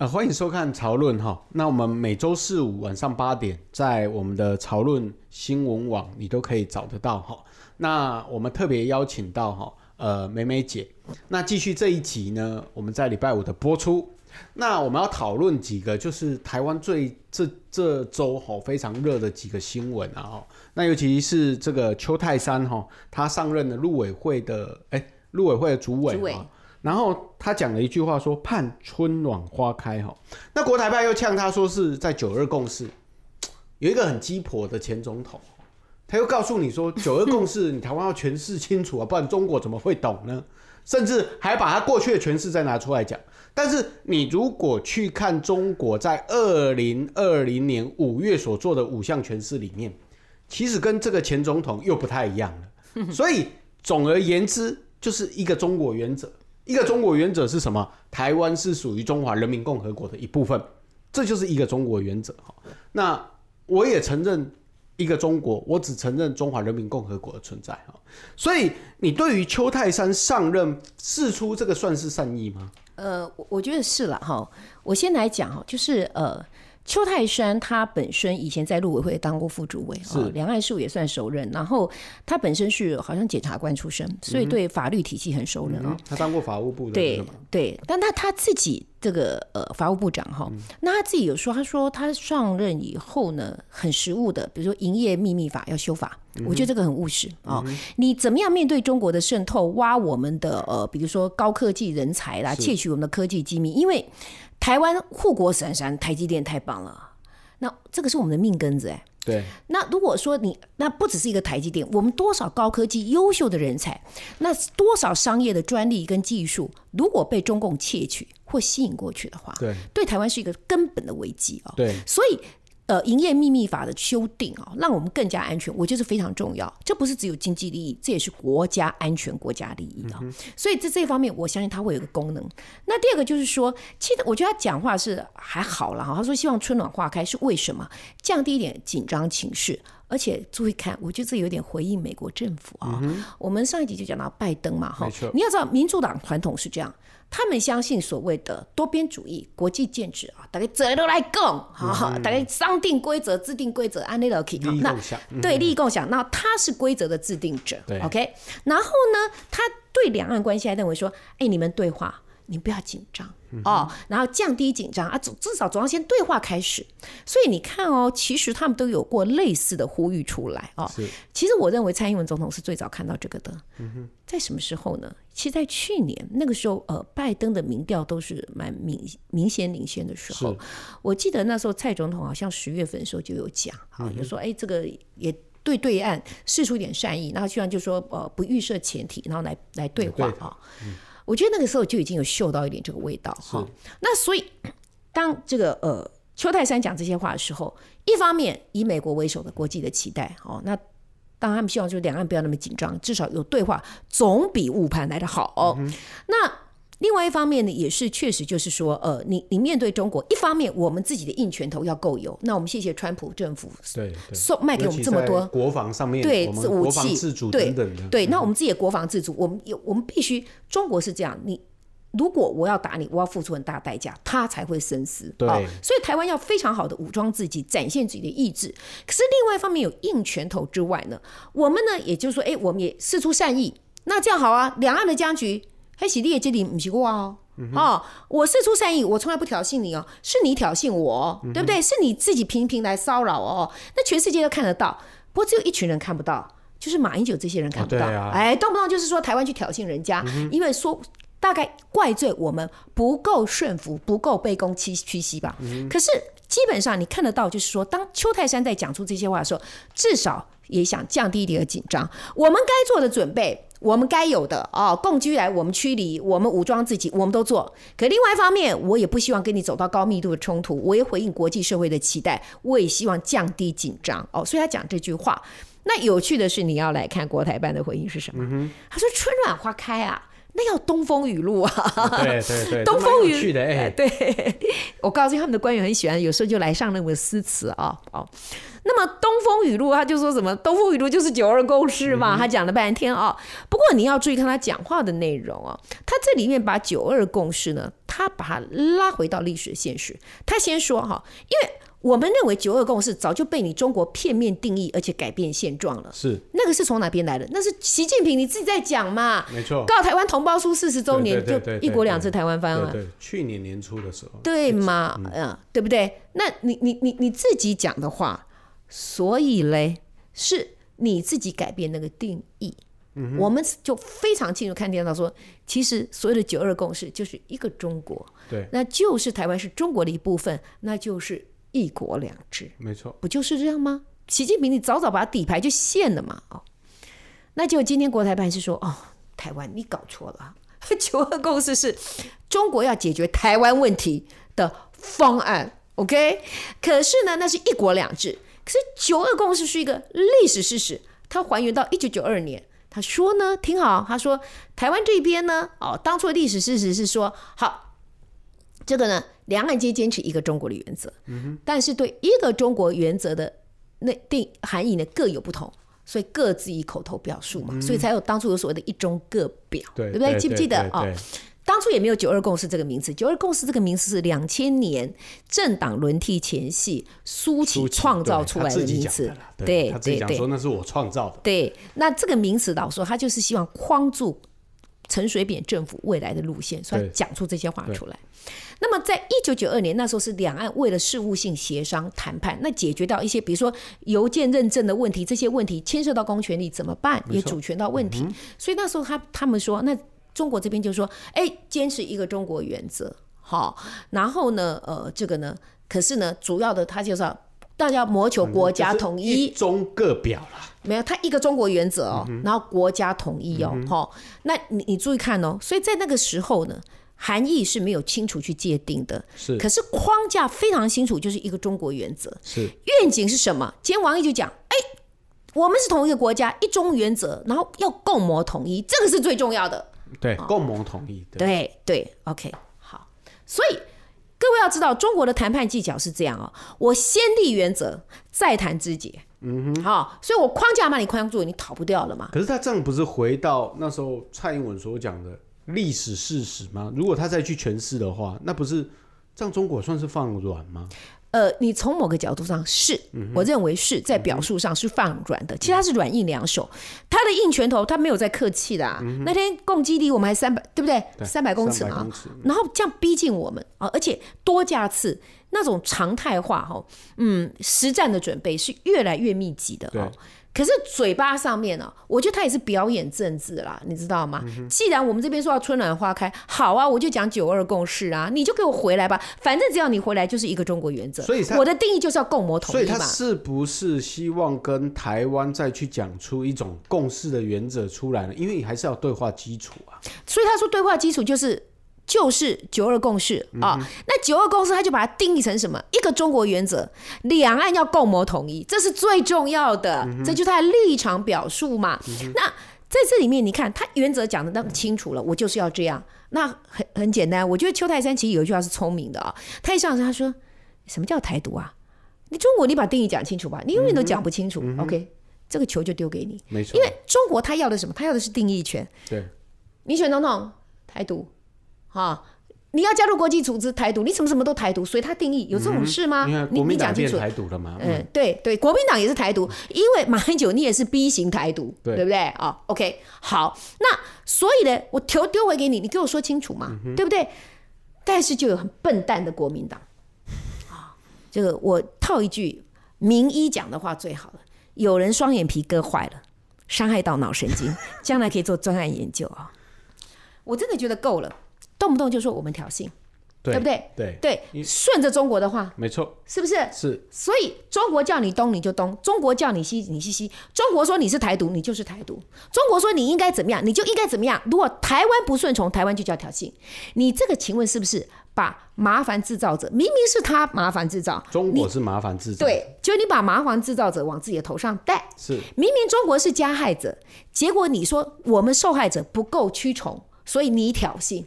呃，歡迎收看《潮論》哈、哦，那我們每周四五晚上八點，在我們的《潮論》新聞網，你都可以找得到哈、哦。那我們特別邀請到哈，呃，美美姐。那繼續這一集呢，我們在禮拜五的播出。那我們要討論幾個，就是台灣最這這周哈、哦、非常熱的幾個新聞啊、哦、那尤其是這個邱太三哈、哦，他上任的陸委會的，哎，陸委會的主委。主委。然後他講了一句話，說“盼春暖花開”哈。那國台辦又嗆他說：“是在九二共識，有一個很雞婆的前總統，他又告訴你說，九二共識你台灣要詮釋清楚啊， 不然中國怎麼會懂呢？”甚至還把他過去的詮釋再拿出來講。但是你如果去看中國在二零二零年五月所做的五項詮釋裡面，其實跟這個前總統又不太一樣了。所以總而言之，就是一個中國原則。一個中國原則是什麼？台灣是屬於中華人民共和國的一部分，這就是一個中國原則哈。那我也承認一個中國，我只承認中華人民共和國的存在哈。所以，你對於邱太三上任釋出，這個算是善意嗎？呃，我覺得是啦哈。我先來講哈，就是呃。邱太三他本身以前在陸委會當過副主委啊，兩岸事務也算熟稔。然後他本身是好像檢察官出身，嗯、所以對法律體系很熟稔。嗯、他當過法務部的，對對。但他他自己這個呃法務部長哈、嗯，那他自己有說，他說他上任以後呢，很實務的，比如說《營業秘密法》要修法、嗯，我覺得這個很務實、哦嗯、你怎麼樣面對中國的滲透，挖我們的呃，比如說高科技人才啦，竊取我們的科技機密，因為。台灣護國神山台積電太棒了，那這個是我們的命根子哎、欸。對，那如果說你那不只是一個台積電，我們多少高科技優秀的人才，那多少商業的專利跟技術，如果被中共竊取或吸引過去的話，對，對台灣是一個根本的危機哦。對，所以。呃，營業秘密法的修訂啊，讓我們更加安全，我覺得是非常重要。這不是只有經濟利益，這也是國家安全、國家利益的、哦、所以在這這方面，我相信它會有一個功能。那第二個就是說，其實我覺得他講話是還好了哈。他說希望春暖花開是為什麼？降低一點緊張情緒，而且注意看，我覺得這有點回應美國政府啊、哦。我們上一集就講到拜登嘛，哈，你要知道民主黨傳統是這樣。他們相信所謂的多邊主義、國際建制啊，大家坐都來講，好好，大家商定規則、制定規則，安你來去。那對利益共享，那，享、mm -hmm. 那他是規則的制定者，對，OK？然後呢，他對兩岸關係還認為說：“哎、欸，你們對話，你們不要緊張。”哦、嗯，然後降低緊張啊，至少總要先對話開始。所以你看哦，其實他們都有過類似的呼籲出來哦。其實我認為蔡英文總統是最早看到這個的。嗯哼，在什麼時候呢？其實，在去年那個時候，呃，拜登的民調都是蠻明明顯領先的時候。我記得那時候蔡總統好像十月份的時候就有講啊、嗯，就說哎，這個也對對岸釋出一點善意，然後居然就說呃不預設前提，然後來來對話啊。我覺得那個時候就已經有嗅到一點這個味道哈。那所以，當這個呃邱太三講這些話的時候，一方面以美國為首的國際的期待哦，那當他們希望就是兩岸不要那麼緊張，至少有對話，總比誤判來得好。嗯、那。另外一方面呢，也是確實就是說，呃，你你面對中國，一方面我們自己的硬拳頭要夠有，那我們謝謝川普政府送賣、so, 給我們這麼多國防上面對武器，國防自主等等對對、嗯，那我們自己的國防自主，我們有我們必須，中國是這樣，你如果我要打你，我要付出很大代價，他才會深思。對、哦，所以台灣要非常好的武裝自己，展現自己的意志。可是另外一方面有硬拳頭之外呢，我們呢，也就是說，哎，我們也釋出善意，那這樣好啊，兩岸的僵局。哎、欸，喜利這裡不奇怪哦、嗯，哦，我釋出善意，我從來不挑釁你哦，是你挑釁我、哦嗯，對不對？是你自己頻頻來騷擾哦，那全世界都看得到，不過只有一群人看不到，就是馬英九這些人看不到。啊對啊、哎，動不動就是說台灣去挑釁人家，嗯、因為說大概怪罪我們不夠順服，不夠卑躬屈屈膝吧、嗯。可是基本上你看得到，就是說當邱太三在講出這些話的時候，至少也想降低一點的緊張。我們該做的準備。我們該有的哦，共居來我們驅離，我們武裝自己，我們都做。可另外一方面，我也不希望跟你走到高密度的衝突。我也回應國際社會的期待，我也希望降低緊張哦。所以他講這句話。那有趣的是，你要來看國台辦的回應是什麼？他說：“春暖花開啊。”那要東風雨露啊，對對對，東風雨露哎、欸，對，我告訴他們的官員很喜歡，有時候就來上那麼個詩詞啊、哦，哦，那麼東風雨露，他就說什麼東風雨露就是九二共識嘛、嗯，他講了半天啊、哦，不過你要注意看他講話的內容啊、哦，他這裡面把九二共識呢，他把它拉回到歷史現實，他先說哈、哦，因為。我們認為九二共識早就被你中國片面定義，而且改變現狀了，是那個是從哪邊來的？那是習近平你自己在講嘛。沒錯，告台灣同胞書四十周年對對對對對對對對，就一國兩制台灣方案，對、對、對，去年年初的時候，對嘛，啊、嗯，對不對？那你你你你自己講的話，所以嘞，是你自己改變那個定義。嗯、我們就非常清楚看見到說，其實所謂的九二共識就是一個中國，對，那就是台灣是中國的一部分，那就是。一國兩制，沒錯，不就是這樣嗎？習近平，你早早把底牌就現了嘛！哦，那就今天國台辦是說，哦，台灣你搞錯了，九二共識是中國要解決台灣問題的方案，OK？可是呢，那是一國兩制，可是九二共識是一個歷史事實，它還原到一九九二年，他說呢挺好，他說台灣這邊呢，哦，當初的歷史事實是說好。這個呢，兩岸皆堅持一個中國的原則、嗯，但是對一個中國原則的內定含義呢，各有不同，所以各自以口頭表述嘛，嗯、所以才有當初有所謂的一中各表，對不對，對，對？記不記得啊、哦？當初也沒有九二共識這個名詞，九二共識這個名詞是兩千年政黨輪替前夕，蘇起創造出來的名詞，對，對那對，對，對，對，那這個名詞老說，他就是希望框住陳水扁政府未來的路線，所以講出這些話出來。那麼在1992年，在一九九二年那時候，是兩岸為了事務性協商談判，那解決到一些，比如說郵件認證的問題，這些問題牽涉到公權力怎麼辦，也主權到問題，嗯、所以那時候他他們說，那中國這邊就說，哎、欸，堅持一個中國原則，好、哦，然後呢，呃，這個呢，可是呢，主要的他就是大家要謀求國家統一，一中各表啦，沒有，他一個中國原則哦、嗯，然後國家統一哦，好、嗯哦，那你你注意看哦，所以在那個時候呢。含義是沒有清楚去界定的，是。可是框架非常清楚，就是一個中國原則。是。願景是什麼？今天王毅就講，哎、欸，我們是同一個國家，一中原則，然後要共謀統一，這個是最重要的。對，哦、共謀統一。對對，對，OK，好。所以各位要知道，中國的談判技巧是這樣啊、哦，我先立原則，再談枝節。嗯哼。好，所以我框架把你框住，你逃不掉了嘛。可是他這樣不是回到那時候蔡英文所講的？歷史事實嗎？如果他再去詮釋的話，那不是讓中國算是放軟嗎？呃，你從某個角度上是、嗯，我認為是在表述上是放軟的。嗯、其實他是軟硬兩手，他的硬拳頭他沒有在客氣的、啊嗯。那天共機離我們還三百，對不對？對，三百公尺嘛。嘛，然後這樣逼近我們啊，而且多架次那種常態化哈，嗯，實戰的準備是越來越密集的。可是嘴巴上面呢、哦，我覺得他也是表演政治啦，你知道嗎？嗯、既然我們這邊說要春暖花開，好啊，我就講九二共識啊，你就給我回來吧，反正只要你回來，就是一個中國原則。所以他我的定義就是要共謀統一嘛。所以他是不是希望跟台灣再去講出一種共識的原則出來呢？因為你還是要對話基礎啊。所以他說對話基礎就是。就是九二共識啊、嗯哦，那九二共識，他就把它定義成什麼？一個中國原則，兩岸要共謀統一，這是最重要的，嗯、這就是他的立場表述嘛。嗯、那在這裡面，你看他原則講的那麼清楚了、嗯，我就是要這樣。那很很簡單，我覺得邱太三其實有一句話是聰明的啊、哦。他一上台他說：“什麼叫台獨啊？你中國，你把定義講清楚吧，你永遠都講不清楚、嗯。”OK，這個球就丟給你，沒錯。因為中國他要的什麼？他要的是定義權。對，你選總統，台獨。哦、你要加入國際組織，台獨，你什麼什麼都台獨，所以他定義，有這種事嗎？嗯、國民黨也是台獨了嘛，你講清楚。嗯，嗯對對，國民黨也是台獨、嗯，因為馬英九你也是 B 型台獨，對不對？啊 OK 好，那所以呢，我丟丟回給你，你給我說清楚嘛、嗯，對不對？但是就有很笨蛋的國民黨啊，就 是、哦這個、我套一句名醫講的話，最好了。 有人雙眼皮割壞了，傷害到腦神經，將來可以做專案研究啊、哦。 我真的覺得夠了。動不動就說我們挑釁，對，對不對？對對，順着中國的話，沒錯，是不是？是。所以中國叫你東你就東，中國叫你西你西西，中國說你是台獨你就是台獨，中國說你應該怎麼樣你就應該怎麼樣。如果台灣不順從，台灣就叫挑釁。你這個請問是不是把麻煩製造者，明明是他麻煩製造，中國是麻煩製造？對，就你把麻煩製造者往自己的頭上戴。是，明明中國是加害者，結果你說我們受害者不夠屈從，所以你挑釁。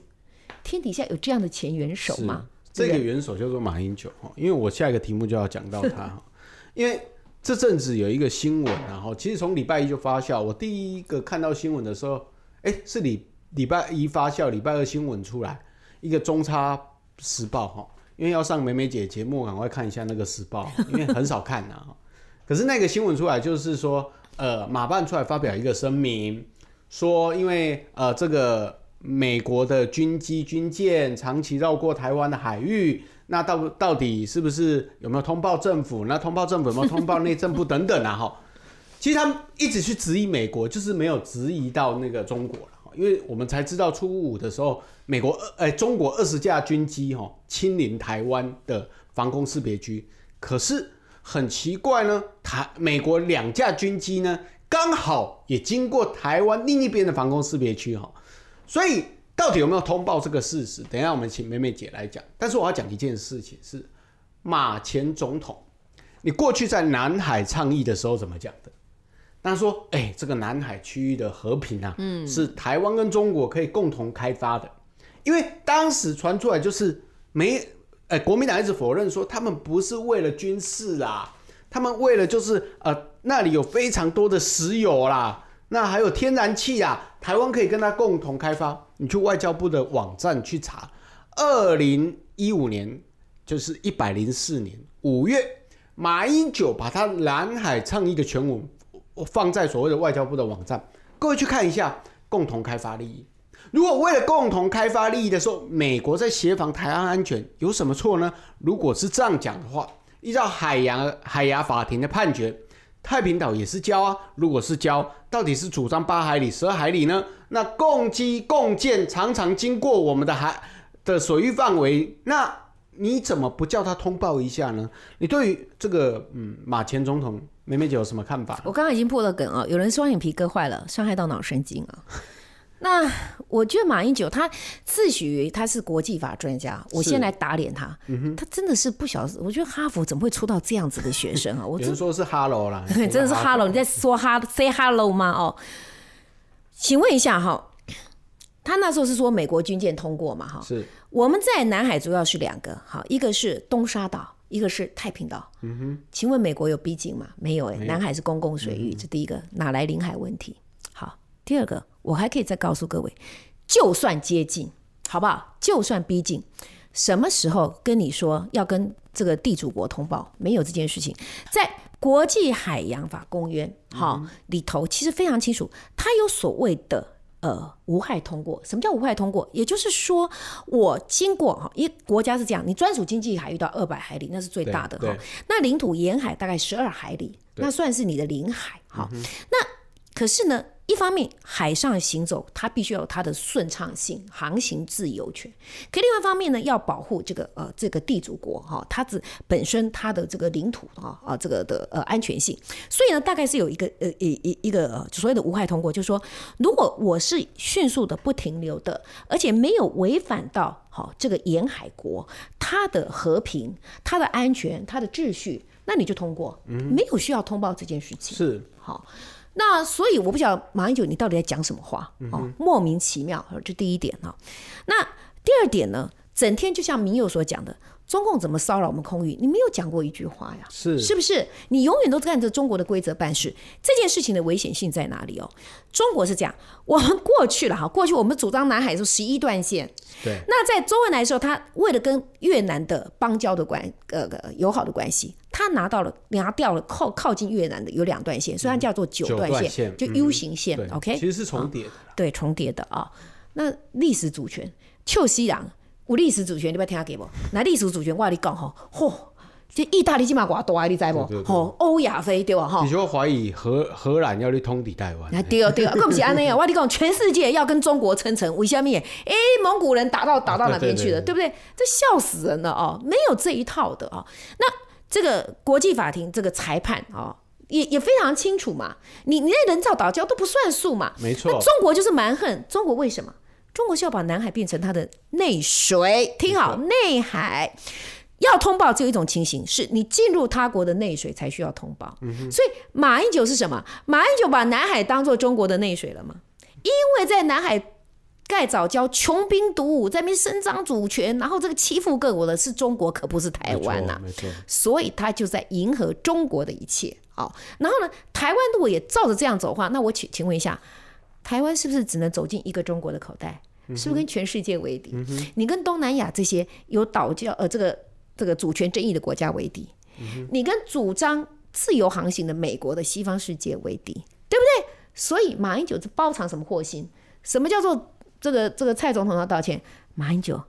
天底下有這樣的前元首嗎？這個元首叫做馬英九哈，因為我下一個題目就要講到他哈。因為這陣子有一個新聞，然後其實從禮拜一就發酵。我第一個看到新聞的時候，哎，是禮禮拜一發酵，禮拜二新聞出來，一個中差時報哈。因為要上美美姐節目，我趕快看一下那個時報，因為很少看吶、啊。 可是那個新聞出來，就是說，呃，馬辦出來發表一個聲明，說因為呃這個。美國的軍機、軍艦長期繞過台灣的海域，那到到底是不是有沒有通報政府？那通報政府有沒有通報內政部等等啊！ 其實他們一直去質疑美國，就是沒有質疑到那個中國了。因為我們才知道初五,五的時候，美國、哎、中國二十架軍機哈侵臨台灣的防空識別區，可是很奇怪呢，台、美國兩架軍機呢剛好也經過台灣另一邊的防空識別區哈。所以到底有沒有通報這個事實？等一下我們請美美姐來講。但是我要講一件事情是，馬前總統，你過去在南海倡議的時候怎麼講的？他說：“哎、欸，這個南海區域的和平啊，嗯，是台灣跟中國可以共同開發的。嗯、因為當時傳出來就是美哎、欸，國民黨一直否認說他們不是為了軍事啊，他們為了就是呃，那裡有非常多的石油啦。”那還有天然氣啊，台灣可以跟他共同開發。你去外交部的網站去查，二零一五年就是一百零四年五月，馬英九把他南海倡議的全文放在所謂的外交部的網站，各位去看一下共同開發利益。如果為了共同開發利益的時候，美國在協防台灣安全有什麼錯呢？如果是這樣講的話，依照海洋海洋法庭的判決。太平島也是礁啊，如果是礁，到底是主張八海里、十二海里呢？那共機、共艦，常常經過我們的海的水域範圍，那你怎麼不叫他通報一下呢？你對於這個，嗯，馬前總統，梅梅姐有什麼看法？我剛剛已經破了梗啊、哦，有人雙眼皮割壞了，傷害到腦神經啊。那我覺得馬英九他自詡他是國際法專家，我先來打臉他、嗯，他真的是不曉得。我覺得哈佛怎麼會出到這樣子的學生啊？有人說是哈嘍啦， 真的是哈嘍、嗯、你在說哈 say 哈嘍嗎？哦，請問一下哈、哦，他那時候是說美國軍艦通過嘛？哈、哦，是我們在南海主要是兩個，哈，一個是東沙島，一個是太平島。嗯哼，請問美國有逼近嗎？沒有哎，南海是公共水域，嗯、這第一個哪來領海問題？第二個，我還可以再告訴各位，就算接近，好不好？就算逼近，什麼時候跟你說要跟這個地主國通報？沒有這件事情，在國際海洋法公約好、嗯、裡頭，其實非常清楚，它有所謂的呃無害通過。什麼叫無害通過？也就是說，我經過哈因為國家是這樣，你專屬經濟海域到二百海里那是最大的哈，那領土沿海大概十二海里，那算是你的領海好，嗯、那可是呢？一方面海上行走，它必須要有它的順暢性、航行自由權。可另外一方面呢，要保護這個呃這個地主國哈，它的本身它的這個領土啊啊、呃、這個的呃安全性。所以呢，大概是有一個呃一一一個、呃、一個所謂的無害通過，就是說，如果我是迅速的不停留的，而且沒有違反到好、呃、這個沿海國它的和平、它的安全、它的秩序，那你就通過，沒有需要通報這件事情是好。嗯那所以我不曉得馬英九你到底在講什麼話哦，莫名其妙，這第一點啊，哦嗯。那第二點呢，整天就像民友所講的。中共怎麼騷擾我們空域？你沒有講過一句話呀？是是不是？你永遠都看着中國的規則辦事。這件事情的危險性在哪裡哦？中國是這樣，我們過去了哈。過去我們主張南海是十一段線。對。那在周恩來的時候，他為了跟越南的邦交的關，呃友好的關係，他拿到了，拿掉了靠靠近越南的有兩段線，雖然叫做段、嗯、九段線，就 U 型線。嗯、OK，其實是重疊、哦，對重疊的啊、哦。那歷史主權，丘西洋無歷史主權，你不要聽他給我。那歷史主權，我跟你講吼，嚯、喔，這意大利起碼我大，你知不？吼，歐亞非對吧？吼，你說懷疑荷荷蘭要去通底台灣？對哦對哦，不寫安利啊！ 我跟你講，全世界要跟中國稱臣，我下面哎蒙古人打到打到哪邊去了，啊、對，對，對，對，對不對？這笑死人了哦、喔，沒有這一套的哦、喔。那這個國際法庭這個裁判哦、喔，也也非常清楚嘛。你你那人造島礁都不算數嘛，沒錯。中國就是蠻橫，中國為什麼？中國需要把南海變成它的內水，聽好，內海要通報只有一種情形，是你進入他國的內水才需要通報、嗯。所以馬英九是什麼？馬英九把南海當做中國的內水了嗎？因為在南海蓋藻礁、窮兵黷武，在那邊聲張主權，然後這個欺負各國的是中國，可不是台灣吶、啊。所以他就在迎合中國的一切。好，然後呢，台灣如果也照着這樣走的話，那我請請問一下。台灣是不是只能走進一個中國的口袋、嗯？是不是跟全世界為敵、嗯？你跟東南亞這些有島礁呃這個這個主權爭議的國家為敵、嗯，你跟主張自由航行的美國的西方世界為敵，對不對？所以馬英九是包藏什麼禍心？什麼叫做這個這個蔡總統要道歉？馬英九，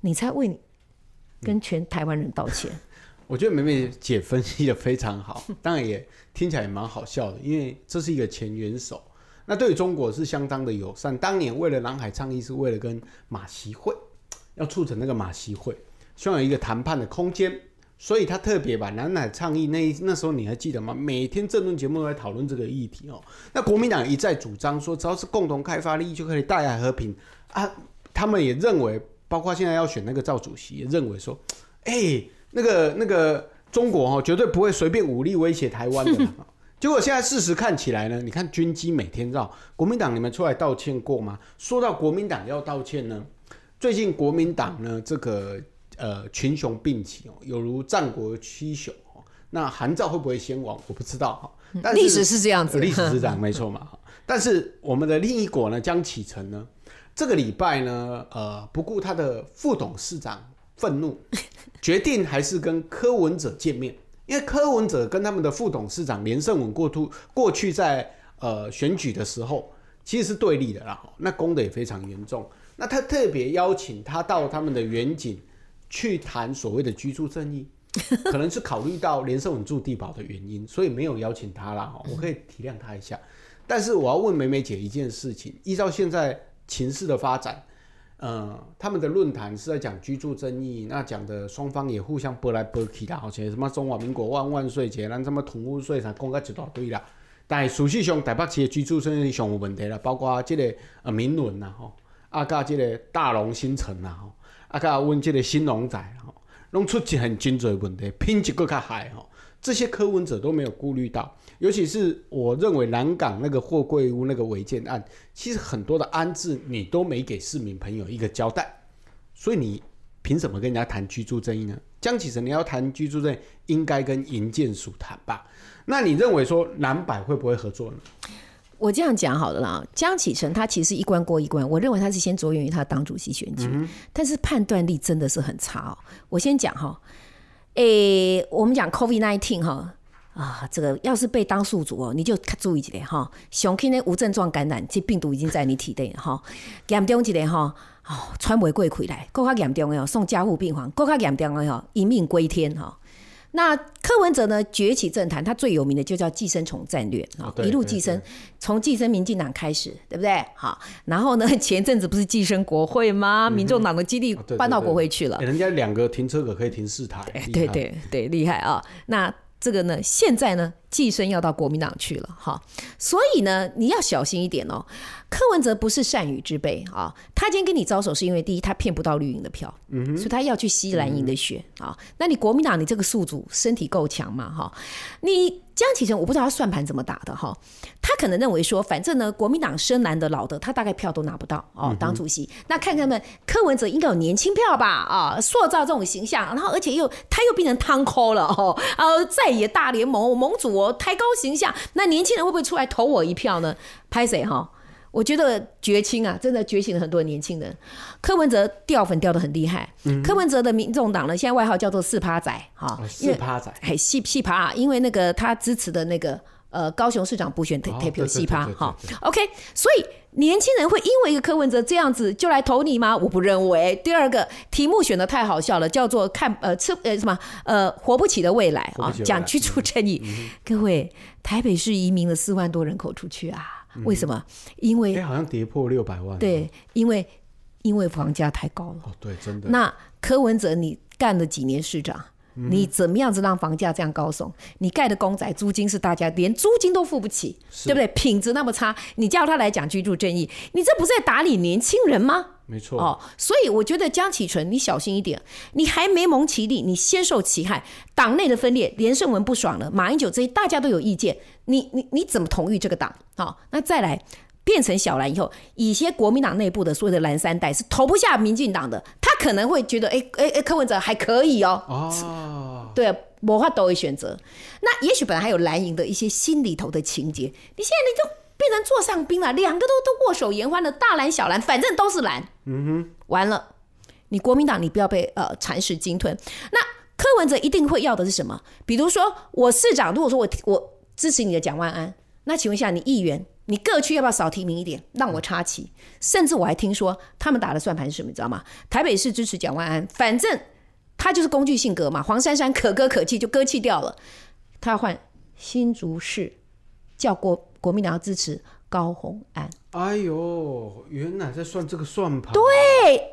你才為你跟全台灣人道歉。嗯、我覺得美美姐分析的非常好， 當然也聽起來也蠻好笑的，因為這是一個前元首。那對於中國是相當的友善。當年為了南海倡議，是為了跟馬習會要促成那個馬習會，希望有一個談判的空間。所以他特別把南海倡議那一、那時候你還記得嗎？每天政論節目都在討論這個議題哦。那國民黨一再主張說，只要是共同開發利益就可以帶來和平啊。他們也認為，包括現在要選那個趙主席，也認為說，欸，那個那個中國哦，絕對不會隨便武力威脅台灣的嘛。 結果現在事實看起來呢？你看軍機每天繞國民黨，你們出來道歉過嗎？說到國民黨要道歉呢，最近國民黨呢這個呃群雄並起哦，有如戰國七雄哦。那韓趙會不會先亡？我不知道哈。但是歷史是這樣子，歷史是這樣，沒錯嘛。 但是我們的另一國呢，江啟臣呢，這個禮拜呢，呃，不顧他的副董事長憤怒，決定還是跟柯文哲見面。 因為柯文哲跟他們的副董事長連勝文過過去在呃選舉的時候其實是對立的啦，那攻得也非常嚴重。那他特別邀請他到他們的遠景去談所謂的居住正義，可能是考慮到連勝文住帝寶的原因，所以沒有邀請他啦。我可以體諒他一下，但是我要問美美姐一件事情：依照現在情勢的發展。嗯、呃，他們的論壇是在講居住爭議，那講的雙方也互相駁來駁去啦，好像什麼中華民國萬萬歲，竟然什麼囤屋稅啥講甲一大堆啦。但實質上台北市的居住爭議上有問題啦，包括這個呃民潤啦吼，啊加這個大龍新城啦、啊、吼，啊加阮溫這個新龍仔吼，攏出一很真濟問題，品質佫較歹吼。這些柯文哲都沒有顧慮到，尤其是我認為南港那個貨櫃屋那個違建案，其實很多的安置你都沒給市民朋友一個交代，所以你憑什麼跟人家談居住正義呢？江啟臣，你要談居住正義，應該跟營建署談吧？那你認為說藍白會不會合作呢？我這樣講好了啦，江啟臣他其實一關過一關，我認為他是先着眼於他黨主席選舉，嗯、但是判斷力真的是很差哦、喔。我先講哈。誒、欸，我們講 COVID nineteen 哈啊，這個要是被當宿主哦，你就較注意一點吼，凶起的無症狀感染，這病毒已經在你體內吼，嚴 重一點吼，哦、啊，喘袂過氣來，閣較嚴重的吼，送加護病房，閣較嚴重的吼，一命歸天吼。那柯文哲呢崛起政壇，他最有名的就叫寄生蟲戰略啊，一路寄生，從寄生民進黨開始，對不對？好，然後呢，前陣子不是寄生國會嗎？民眾黨的基地搬到國會去了、嗯，欸、人家兩個停車格可以停四台，對對對,對，厲害啊！喔、那這個呢，現在呢？寄生要到國民黨去了哈，所以呢，你要小心一點哦。柯文哲不是善語之輩啊、哦，他今天跟你招手，是因為第一，他騙不到綠營的票、嗯，所以他要去吸藍營的血啊、嗯哦。那你國民黨，你這個宿主身體夠強嘛哈、哦？你江啟成，我不知道他算盤怎麼打的哈、哦，他可能認為說，反正呢，國民黨生男的老的，他大概票都拿不到哦，當主席。嗯、那看看嘛，柯文哲應該有年輕票吧啊、哦，塑造這種形象，然後而且又他又變成湯科了哦，呃，再也大聯盟盟主、哦。抬高形象，那年輕人會不會出來投我一票呢？拍誰哈？我覺得絕清啊，真的覺醒了很多年輕人。柯文哲掉粉掉得很厲害，嗯嗯，柯文哲的民眾黨呢，現在外號叫做四趴仔哈、哦，四趴仔，嘿、哎，四趴、啊，因為那個他支持的那個。呃，高雄市長不選台台北西趴好，OK 對對對對對對對。所以年輕人會因為一個柯文哲這樣子就來投你嗎？我不認為。第二個題目選的太好笑了，叫做看“看呃吃呃什麼呃活不起的未來”啊，講居住正義、嗯嗯。各位，台北市移民了四萬多人口出去啊？為什麼？因、嗯、為、欸、好像跌破六百萬、啊。對，因為因為房價太高了。哦，對，真的。那柯文哲，你幹了幾年市長？你怎麼樣子讓房價這樣高聳？你蓋的公宅租金是大家連租金都付不起，對不對？品質那麼差，你叫他來講居住正義，你這不是在打臉年輕人嗎？沒錯。哦，所以我覺得江啟臣，你小心一點，你還沒蒙其利，你先受其害。黨內的分裂，連勝文不爽了，馬英九這些大家都有意見，你你你怎麼同意這個黨？好、哦，那再來。變成小藍以後，一些國民黨內部的所謂的藍三代是投不下民進黨的，他可能會覺得，哎哎哎，柯文哲還可以哦、喔。哦、oh.，對、啊，沒辦法選擇。那也許本來還有藍營的一些心裡頭的情節，你現在你就變成座上賓了，兩個都都握手言歡的大藍小藍，反正都是藍。嗯哼，完了，你國民黨你不要被呃蠶食鯨吞。那柯文哲一定會要的是什麼？比如說我市長，如果說我我支持你的蔣萬安，那請問一下你議員。你各區要不要少提名一點，讓我插旗？甚至我還聽說他們打的算盤是什麼，你知道嗎？台北市支持蔣萬安，反正他就是工具性格嘛。黃珊珊可歌可泣，就割棄掉了。他要換新竹市，叫國國民黨要支持高虹安。哎呦，原來在算這個算盤。對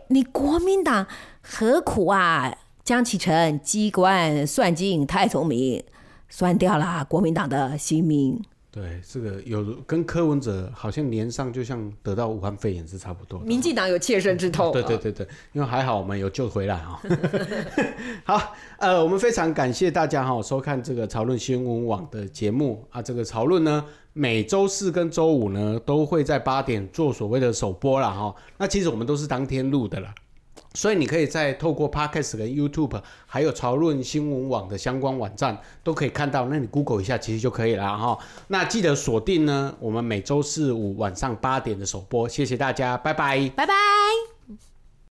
你國民黨何苦啊？江啟臣機關算盡太聰明，算掉了國民黨的性命。對，這個有跟柯文哲好像連上，就像得到武漢肺炎是差不多。民進黨有切身之痛。對對對對、哦，因為還好我們有救回來啊、哦。 好，呃，我們非常感謝大家哈、哦，收看這個潮論新聞網的節目啊。這個潮論呢，每周四跟周五呢，都會在八點做所謂的首播啦哈、哦。那其實我們都是當天錄的啦。所以你可以再透過 Podcast 跟 YouTube，還有潮論新聞網的相關網站都可以看到。那你 Google 一下其實就可以了哈。那記得鎖定呢，我們每周四五晚上八點的首播。謝謝大家，拜拜，拜拜。